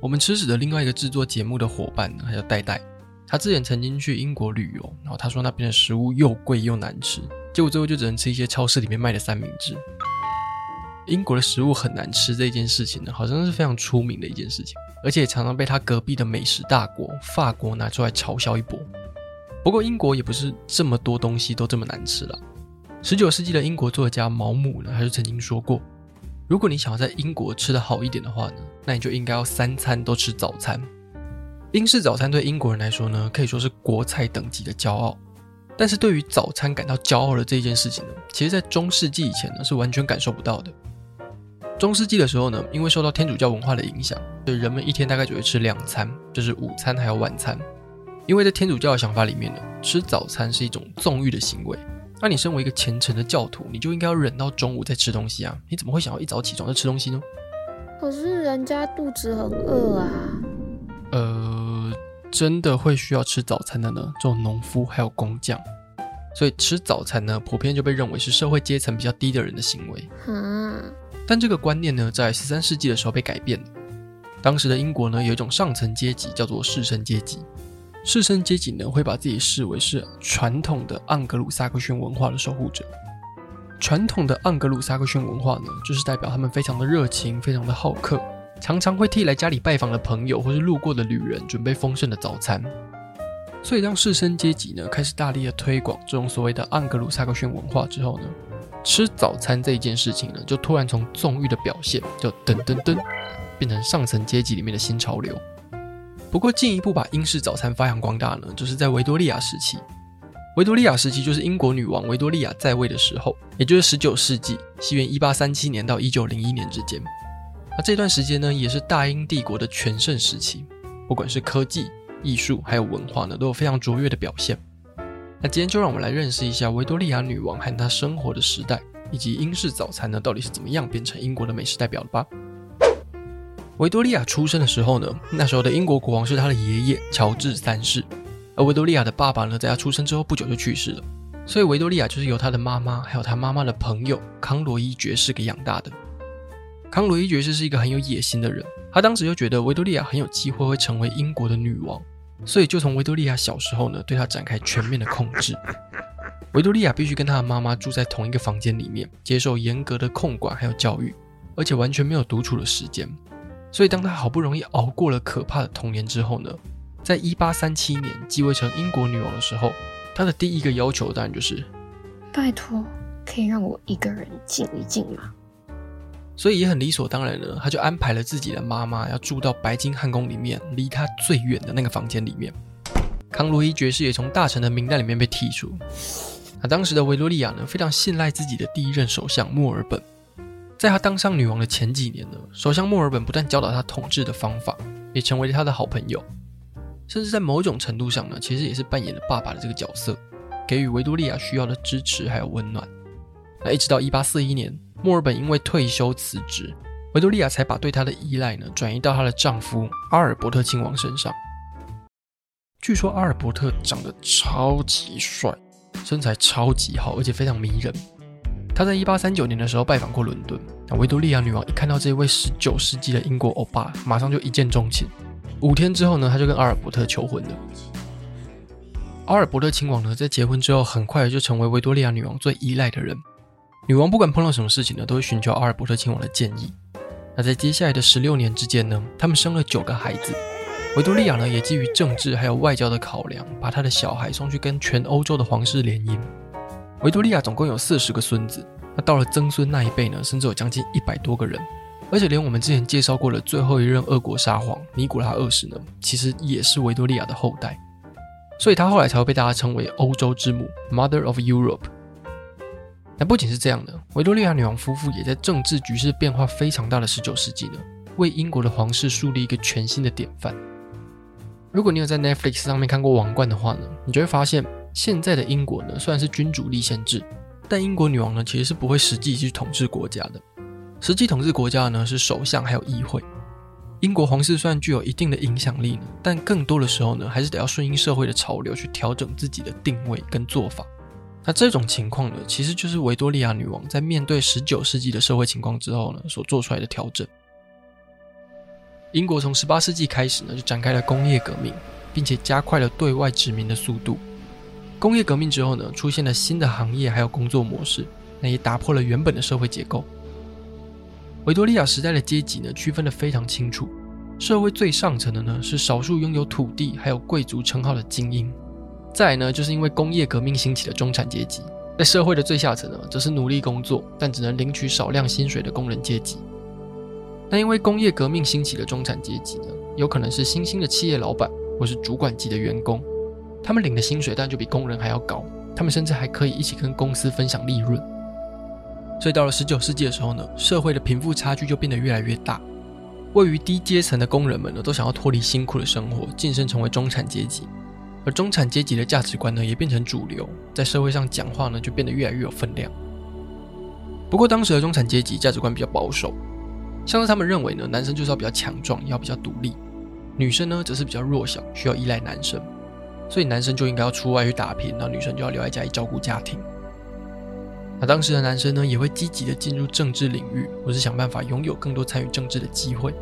我們吃史的另外一個製作節目的夥伴，他叫戴戴。他之前曾經去英國旅遊，然後他說那邊的食物又貴又難吃，結果最後就只能吃一些超市裡面賣的三明治。英國的食物很難吃這一件事情呢，好像是非常出名的一件事情，而且常常被他隔壁的美食大國法國拿出來嘲笑一波。不過英國也不是這麼多東西都這麼難吃了。十九世紀的英國作家毛姆呢，他就曾經說過。如果你想要在英國吃得好一點的話呢，那你就應該要三餐都吃早餐。英式早餐對英國人來說呢，可以說是國菜等級的驕傲。但是對於早餐感到驕傲的這一件事情呢，其實，在中世紀以前呢，是完全感受不到的。中世紀的時候呢，因為受到天主教文化的影響，所以人們一天大概只會吃兩餐，就是午餐還有晚餐。因為在天主教的想法裡面呢，吃早餐是一種縱欲的行為。那、啊、你身為一個虔誠的教徒，你就應該要忍到中午再吃東西啊！你怎麼會想要一早起床就吃東西呢？可是人家肚子很餓啊。呃，真的會需要吃早餐的呢，這種農夫還有工匠，所以吃早餐呢，普遍就被認為是社會階層比較低的人的行為。哈、啊。但這個觀念呢，在十三世紀的時候被改變了。當時的英國呢，有一種上層階級叫做士紳階級。士紳階級呢，會把自己視為是傳統的盎格魯撒克遜文化的守護者。傳統的盎格魯撒克遜文化呢，就是代表他們非常的熱情，非常的好客，常常會替來家裡拜訪的朋友或是路過的旅人準備豐盛的早餐。所以，當士紳階級呢開始大力的推廣這種所謂的盎格魯撒克遜文化之後呢，吃早餐這一件事情呢，就突然從縱慾的表現，就噔噔噔，變成上層階級裡面的新潮流。不過，進一步把英式早餐發揚光大呢，就是在維多利亞時期。維多利亞時期就是英國女王維多利亞在位的時候，也就是19世紀，西元1837年到1901年之間。那這段時間呢，也是大英帝國的全盛時期，不管是科技、藝術還有文化呢，都有非常卓越的表現。那今天就讓我們來認識一下維多利亞女王和她生活的時代，以及英式早餐呢，到底是怎麼樣變成英國的美食代表的吧。維多利亞出生的時候呢，那時候的英國國王是她的爺爺喬治三世，而維多利亞的爸爸呢，在她出生之後不久就去世了，所以維多利亞就是由她的媽媽還有她媽媽的朋友康羅伊爵士給養大的。康羅伊爵士是一個很有野心的人，他當時就覺得維多利亞很有機會會成為英國的女王，所以就從維多利亞小時候呢，對她展開全面的控制。維多利亞必須跟她的媽媽住在同一個房間裡面，接受嚴格的控管還有教育，而且完全沒有獨處的時間。所以，當他好不容易熬過了可怕的童年之後呢，在一八三七年繼位成英國女王的時候，她的第一個要求當然就是：拜託，可以讓我一個人靜一靜嗎？所以也很理所當然呢，他就安排了自己的媽媽要住到白金漢宮裡面，離他最遠的那個房間裡面。康羅伊爵士也從大臣的名單裡面被剔除。那當時的維多利亞呢，非常信賴自己的第一任首相墨爾本。在她當上女王的前幾年呢，首相墨爾本不但教導她統治的方法，也成為了他的好朋友，甚至在某種程度上呢，其實也是扮演了爸爸的這個角色，給予維多利亞需要的支持還有溫暖。那一直到一八四一年，墨爾本因為退休辭職，維多利亞才把對他的依賴呢轉移到她的丈夫阿爾伯特親王身上。據說阿爾伯特長得超級帥，身材超級好，而且非常迷人。他在一八三九年的時候拜訪過倫敦。維多利亞女王一看到這位19世紀的英國歐巴，馬上就一見鍾情。五天之後呢，她就跟阿爾伯特求婚了。阿爾伯特親王呢，在結婚之後，很快就成為維多利亞女王最依賴的人。女王不管碰到什麼事情呢，都會尋求阿爾伯特親王的建議。那在接下來的十六年之間呢，他們生了九個孩子。維多利亞呢，也基於政治還有外交的考量，把她的小孩送去跟全歐洲的皇室聯姻。維多利亞總共有四十個孫子。那到了曾孫那一輩呢，甚至有將近一百多個人，而且連我們之前介紹過的最後一任俄國沙皇尼古拉二世呢，其實也是維多利亞的後代，所以他後來才會被大家稱為歐洲之母 （Mother of Europe）。那不僅是這樣的，維多利亞女王夫婦也在政治局勢變化非常大的19世紀呢，為英國的皇室樹立一個全新的典範。如果你有在 Netflix 上面看過《王冠》的話呢，你就會發現現在的英國呢，雖然是君主立憲制。但英國女王呢，其實是不會實際去統治國家的，實際統治國家呢是首相還有議會。英國皇室雖然具有一定的影響力呢，但更多的時候呢，還是得要順應社會的潮流去調整自己的定位跟做法。那這種情況呢，其實就是維多利亞女王在面對十九世紀的社會情況之後呢，所做出來的調整。英國從十八世紀開始呢，就展開了工業革命，並且加快了對外殖民的速度。工業革命之後呢，出現了新的行業，還有工作模式，那也打破了原本的社會結構。維多利亞時代的階級呢，區分得非常清楚。社會最上層的呢，是少數擁有土地還有貴族稱號的精英；再來呢，就是因為工業革命興起的中產階級，在社會的最下層呢，則是努力工作但只能領取少量薪水的工人階級。那因為工業革命興起的中產階級呢，有可能是新興的企業老闆，或是主管級的員工。他們領的薪水，當然就比工人還要高。他們甚至還可以一起跟公司分享利潤。所以到了十九世紀的時候呢，社會的貧富差距就變得越來越大。位於低階層的工人們呢，都想要脫離辛苦的生活，晉升成為中產階級。而中產階級的價值觀呢，也變成主流，在社會上講話呢，就變得越來越有分量。不過當時的中產階級價值觀比較保守，像是他們認為呢，男生就是要比較強壯，要比較獨立；女生呢，則是比較弱小，需要依賴男生。所以男生就應該要出外去打拼，那女生就要留在家裡照顧家庭。那當時的男生呢，也會積極的進入政治領域，或是想辦法擁有更多參與政治的機會。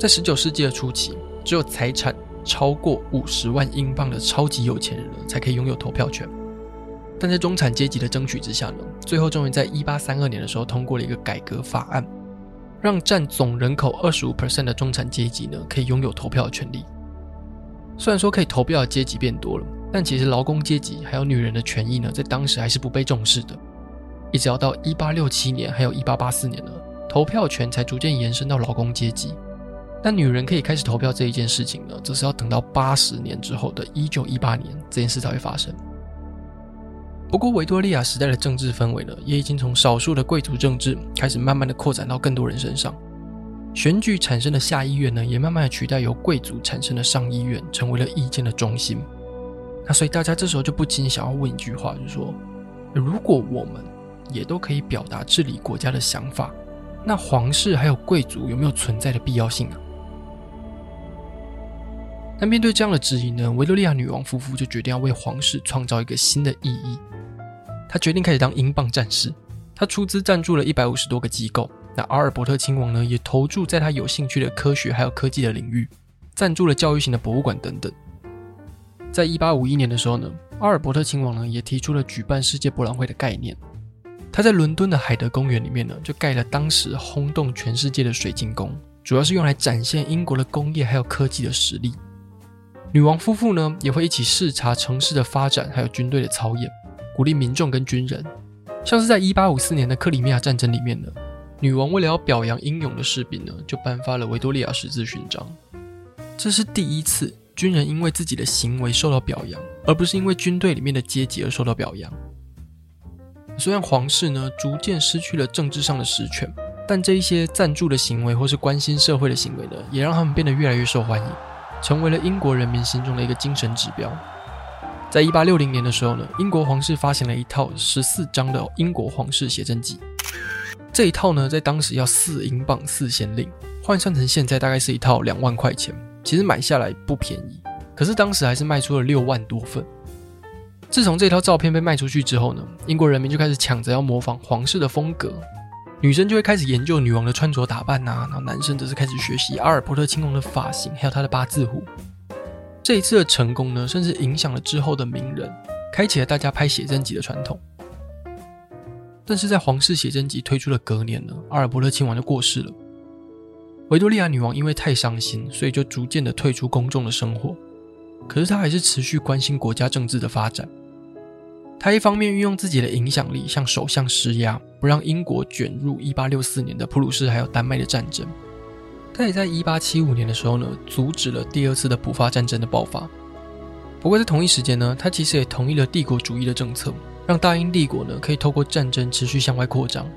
在十九世紀的初期，只有財產超過五十萬英鎊的超級有錢人呢，才可以擁有投票權。但在中產階級的爭取之下呢，最後終於在一八三二年的時候通過了一個改革法案，讓佔總人口二十五%的中產階級呢，可以擁有投票的權利。雖然說可以投票的階級變多了，但其實勞工階級還有女人的權益呢，在當時還是不被重視的。一直要到一八六七年，還有一八八四年呢，投票權才逐漸延伸到勞工階級。但女人可以開始投票這一件事情呢，則是要等到八十年之後的一九一八年這件事才會發生。不過維多利亞時代的政治氛圍呢，也已經從少數的貴族政治開始慢慢的擴展到更多人身上。選舉產生的下議院呢，也慢慢的取代由貴族產生的上議院，成為了意見的中心。那所以大家這時候就不禁想要問一句話，就是說，如果我們也都可以表達治理國家的想法，那皇室還有貴族有沒有存在的必要性呢、啊？那面對這樣的質疑呢，維多利亞女王夫婦就決定要為皇室創造一個新的意義。他決定開始當英鎊戰士，他出資贊助了一百五十多個機構。那阿爾伯特親王呢，也投注在他有興趣的科學還有科技的領域，贊助了教育型的博物館等等。在一八五一年的時候呢，阿爾伯特親王呢也提出了舉辦世界博覽會的概念。他在倫敦的海德公園裡面呢，就蓋了當時轟動全世界的水晶宮，主要是用來展現英國的工業還有科技的實力。女王夫婦呢也會一起視察城市的發展，還有軍隊的操演，鼓勵民眾跟軍人。像是在一八五四年的克里米亞戰爭裡面呢，女王為了要表揚英勇的士兵呢，就頒發了維多利亞十字勳章。這是第一次軍人因為自己的行為受到表揚，而不是因為軍隊裡面的階級而受到表揚。雖然皇室呢逐漸失去了政治上的實權，但這一些贊助的行為或是關心社會的行為呢，也讓他們變得越來越受歡迎，成為了英國人民心中的一個精神指標。在1860年的時候呢，英國皇室發行了一套十四張的英國皇室寫真集。這一套呢，在當時要四英鎊四先令，換算成現在大概是一套兩萬塊錢，其實買下來不便宜。可是當時還是賣出了六萬多份。自從這套照片被賣出去之後呢，英國人民就開始搶着要模仿皇室的風格，女生就會開始研究女王的穿着打扮吶、啊，然後男生則是開始學習阿爾伯特親王的髮型，還有他的八字鬍。這一次的成功呢，甚至影響了之後的名人，開啟了大家拍寫真集的傳統。但是在皇室寫真集推出的隔年呢，阿爾伯特親王就過世了。維多利亞女王因為太傷心，所以就逐漸的退出公眾的生活。可是她還是持續關心國家政治的發展。她一方面運用自己的影響力向首相施壓，不讓英國捲入一八六四年的普魯士還有丹麥的戰爭。她也在一八七五年的時候呢，阻止了第二次的普法戰爭的爆發。不過在同一時間呢，她其實也同意了帝國主義的政策。讓大英帝國呢，可以透過戰爭持續向外擴張。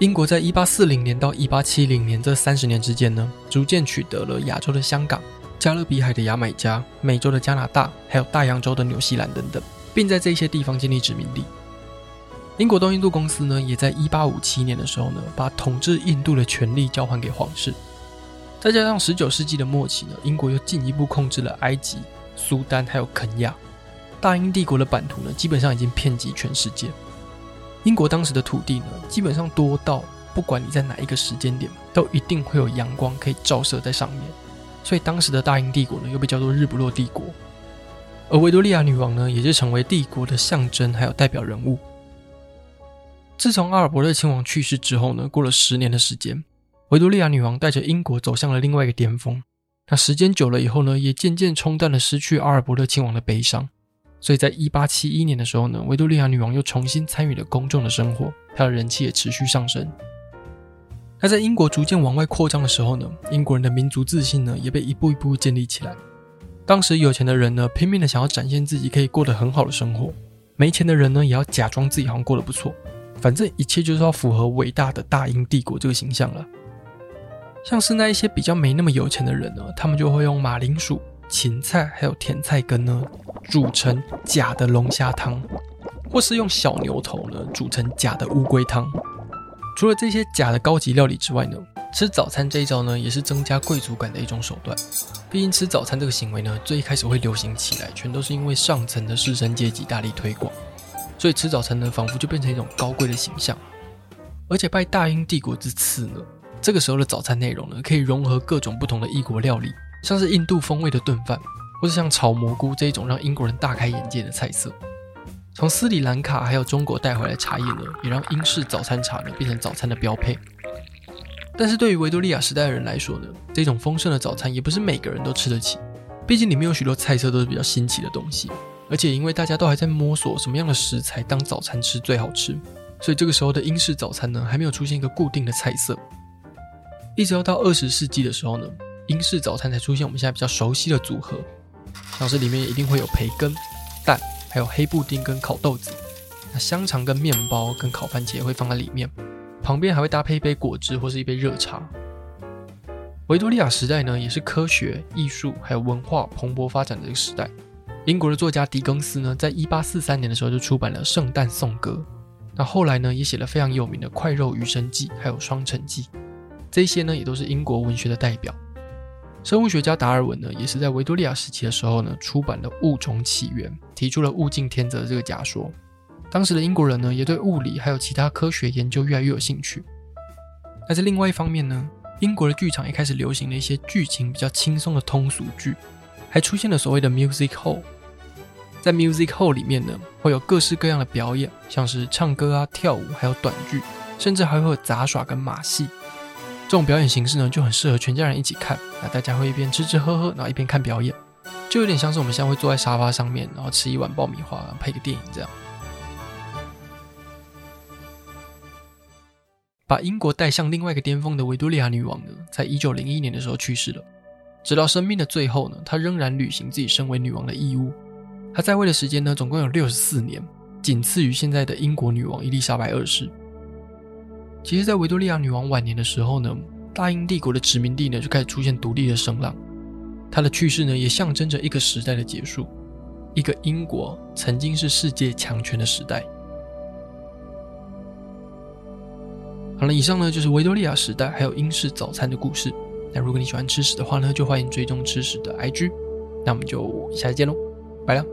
英國在1840年到1870年這三十年之間呢，逐漸取得了亞洲的香港、加勒比海的牙買加、美洲的加拿大，還有大洋洲的紐西蘭等等，並在這些地方建立殖民地。英國東印度公司呢，也在1857年的時候呢，把統治印度的權力交還給皇室。再加上十九世紀的末期呢，英國又進一步控制了埃及、蘇丹還有肯亞。大英帝國的版圖呢，基本上已經遍及全世界。英國當時的土地呢，基本上多到不管你在哪一個時間點，都一定會有陽光可以照射在上面。所以，當時的大英帝國呢，又被叫做“日不落帝國”。而維多利亞女王呢，也就成為帝國的象徵還有代表人物。自從阿爾伯特親王去世之後呢，過了十年的時間，維多利亞女王帶着英國走向了另外一個巔峰。那時間久了以後呢，也漸漸沖淡了失去阿爾伯特親王的悲傷。所以在一八七一年的時候呢，維多利亞女王又重新參與了公眾的生活，她的人氣也持續上升。那在英國逐漸往外擴張的時候呢，英國人的民族自信呢也被一步一步建立起來。當時有錢的人呢拼命的想要展現自己可以過得很好的生活，沒錢的人呢也要假裝自己好像過得不錯，反正一切就是要符合偉大的大英帝國這個形象了。像是那一些比較沒那麼有錢的人呢，他們就會用馬鈴薯。芹菜還有甜菜根呢，煮成假的龍蝦湯，或是用小牛頭呢煮成假的烏龜湯。除了這些假的高級料理之外呢，吃早餐這一招呢，也是增加貴族感的一種手段。畢竟吃早餐這個行為呢，最一開始會流行起來，全都是因為上層的士紳階級大力推廣，所以吃早餐呢，仿佛就變成一種高貴的形象。而且拜大英帝國之賜呢，這個時候的早餐內容呢，可以融合各種不同的異國料理。像是印度風味的燉飯，或是像炒蘑菇這一種讓英國人大開眼界的菜色，從斯里蘭卡還有中國帶回來茶葉呢，也讓英式早餐茶呢變成早餐的標配。但是對於維多利亞時代的人來說呢，這種豐盛的早餐也不是每個人都吃得起，畢竟裡面有許多菜色都是比較新奇的東西，而且因為大家都還在摸索什麼樣的食材當早餐吃最好吃，所以這個時候的英式早餐呢還沒有出現一個固定的菜色，一直要到二十世紀的時候呢。英式早餐才出現我們現在比較熟悉的組合，然後這裡面一定會有培根、蛋，還有黑布丁跟烤豆子，那香腸跟麵包跟烤番茄會放在裡面，旁邊還會搭配一杯果汁或是一杯熱茶。維多利亞時代呢，也是科學、藝術還有文化蓬勃發展的一個時代。英國的作家狄更斯呢，在一八四三年的時候就出版了《聖誕頌歌》，那後來呢，也寫了非常有名的《塊肉餘生記》還有《雙城記》，這些呢，也都是英國文學的代表。生物學家達爾文呢，也是在維多利亞時期的時候呢，出版的物種起源》，提出了“物競天擇”這個假說。當時的英國人呢，也對物理還有其他科學研究越來越有興趣。那在另外一方面呢，英國的劇場也開始流行了一些劇情比較輕鬆的通俗劇，還出現了所謂的 “music hall”。在 “music hall” 裡面呢，會有各式各樣的表演，像是唱歌啊、跳舞，還有短劇，甚至還會有雜耍跟馬戲。這種表演形式呢，就很適合全家人一起看。那大家會一邊吃吃喝喝，然後一邊看表演，就有點像是我們現在會坐在沙發上面，然後吃一碗爆米花，配個電影這樣。把英國帶向另外一個巔峰的維多利亞女王呢，在一九零一年的時候去世了。直到生命的最後呢，她仍然履行自己身為女王的義務。她在位的時間呢，總共有六十四年，僅次於現在的英國女王伊麗莎白二世。其實，在維多利亞女王晚年的時候呢，大英帝國的殖民地呢就開始出現獨立的聲浪。她的去世呢，也象徵着一個時代的結束，一個英國曾經是世界強權的時代。好了，以上呢就是維多利亞時代還有英式早餐的故事。那如果你喜歡吃史的話呢，就歡迎追蹤吃史的 IG。那我們就下期見嘍，拜了。